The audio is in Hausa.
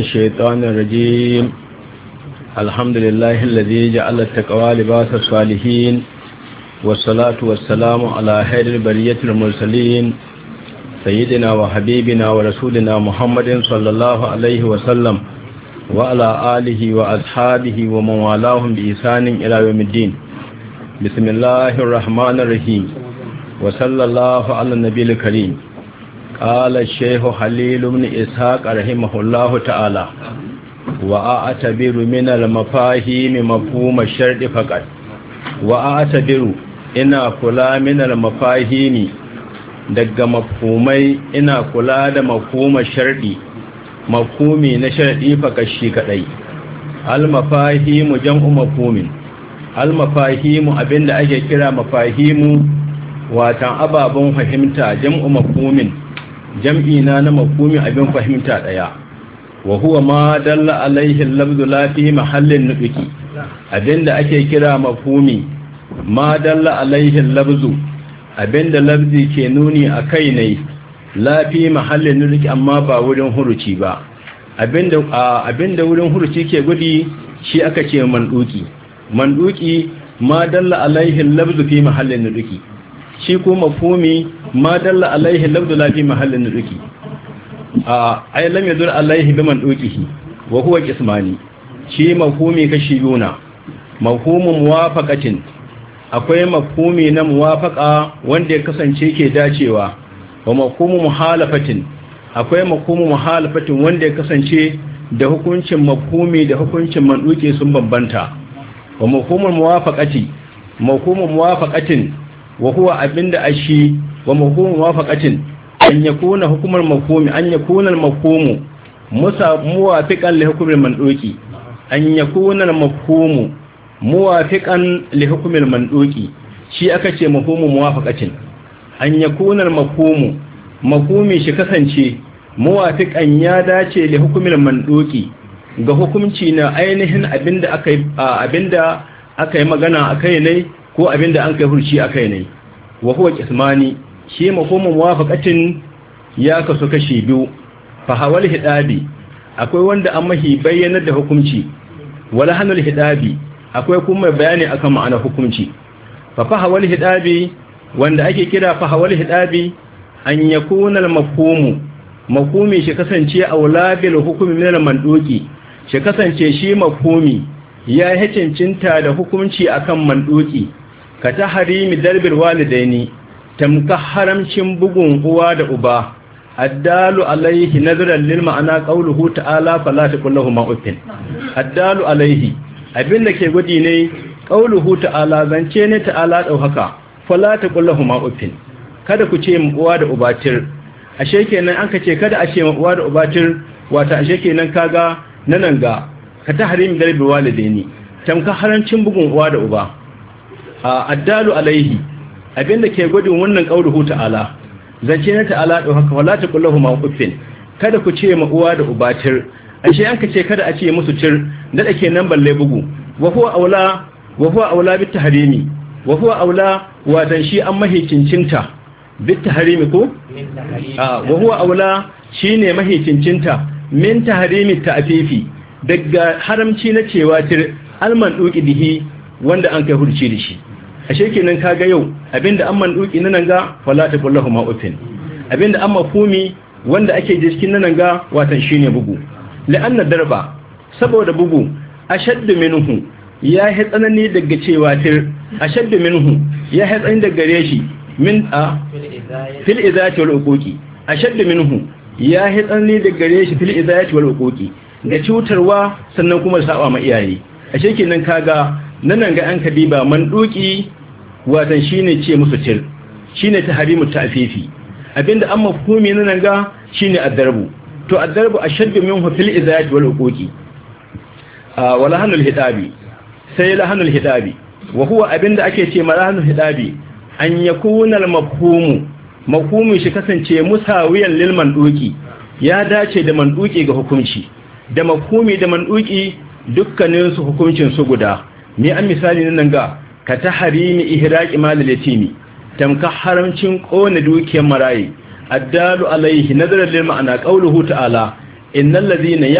الشيطان الرجيم الحمد لله الذي جعل التقوى لباس الصالحين والصلاة والسلام على خير البرية المرسلين سيدنا وحبيبنا ورسولنا محمد صلى الله عليه وسلم وعلى آله وأصحابه ومن والاهم بإحسان إلى يوم الدين بسم الله الرحمن الرحيم وصلى الله على النبي الكريم قال الشيخ حليل بن إسحاق رحمه الله تعالى وأعتبر ma المفاهيم مفهوم الشرط فقط وأعتبر ina kula min al-mafahimi daga mafhumai ina kula da mafhuma sharɗi mafhumi na sharɗi fakashi kadai al-mafahimu jam'u mafhumin al-mafahimu abinda ake kira mafahimu watan ababen fahimta jam'u mafhumin jam'i na na mafhumi abin fahimta daya wa huwa ma dalla alaihi lafzu la fi mahallin nutqi abinda ake kira mafhumi ma dalla alaihi lafzu abinda lafzi ke nuni akai ne la fi mahallin nutqi amma ba wurin huruci ba abinda abinda wurin huruci ke gudi shi aka ce manduki manduki ma dalla alaihi lafzu fi mahallin nutqi shi ko mafumi ma dalla alaihi labdu la fi mahallin nuduki a ay lam yadur alaihi biman dukihi wa huwa ismani shi mafumi kashi biyu na mafhumu muwafaqatin akwai mafhumi na muwafaqa wanda ya kasance ke dacewa wa mafhumu muhalafatin akwai mafhumu muhalafatin wanda ya kasance da hukuncin mafhumi da hukuncin manduke sun bambanta wa mafhumul muwafaqati mafhumul muwafaqatin wa huwa abinda ashi wa mafhumu muwafaqatin an yakuna hukumar mafhumi an yakuna al-mafhumu musa muwafiqan li hukmi al-manduki an yakuna al-mafhumu muwafiqan li hukmi al-manduki shi aka ce mafhumu muwafaqatin an yakuna al-mafhumu mafhumi shi kasance muwafiqan ya dace li hukmi al-manduki ga hukumci na ainihin abinda aka abinda aka yi magana akai ne ko abin da an kai hurci a kai ne wa huwa qismani shi mafhumin wafaqatin ya kasu kashi biyu fa hawal hidabi akwai wanda an mahi bayyanar da hukunci wala hanul hidabi akwai kuma bayani akan ma'ana hukunci fa fa hawal hidabi wanda ake kira fa hawal hidabi an yakuna al mafhumu mafhumi shi kasance a bil hukumi min al manduki shi kasance shi mafhumi ya hicincinta da hukunci akan manduki ka ta harimi darbir walidaini tamka haramcin bugun uwa da uba addalu alaihi nazaran lil ma'ana qawluhu ta'ala fala taqul lahum ma'ufin addalu alaihi abinda ke gudi ne qawluhu ta'ala zance ne ta'ala haka. fala taqul lahum ma'ufin kada ku ce uwa da ubatir. ashe kenan an ka ce kada a ce uwa da ubatir? wata ashe kenan kaga nanan ga ka ta tahrim da walidaini tamka harancin bugun uwa da uba addalu alaihi abinda ke gudun wannan qauluhu ta'ala zance na ta'ala da haka wala taqullahu ma uffin kada ku ce ma uwa da uba tir ashe an ka ce kada a ce musu tir da dake nan balle bugu wa huwa aula wa huwa aula bit tahrimi wa huwa aula wa dan shi an mahicincinta bit tahrimi ko wa huwa aula shine mahicincinta min tahrimi ta'fifi daga haramci na cewa tir alman duki dihi wanda an kai hurci da shi ashe kenan kaga yau abinda an man duki nan ga fala kullahu ma ufin abinda an mafumi wanda ake cikin nan ga watan shine bugu la'anna darba saboda bugu ashaddu minhu ya hi tsanani daga cewa tir ashaddu minhu ya hi tsanani daga gare shi min a fil izati wal uquqi ashaddu minhu ya hi tsanani daga gare shi fil izati wal uquqi da cutarwa sannan kuma saba ma iyaye ashe kenan kaga nan ga an kadiba man duki watan ne ce musu tir shine ta afifi abinda an mafhumi nan ga shine adarbu to adarbu ashaddu min hufil izayat wal hukuki wala hanul hidabi sai lahanul hidabi wa huwa abinda ake ce malahanul hidabi an yakuna al mafhumu mafhumin shi kasance musawiyan lil manduki ya dace da manduki ga hukunci da mafhumi da manduki dukkaninsu hukuncin su guda me an misali nan ga ka ta harimi ihraqi malil yatimi tamka haramcin kona dukiyar marayi addalu alaihi nazarar lil ma'ana qawluhu ta'ala innal ladhina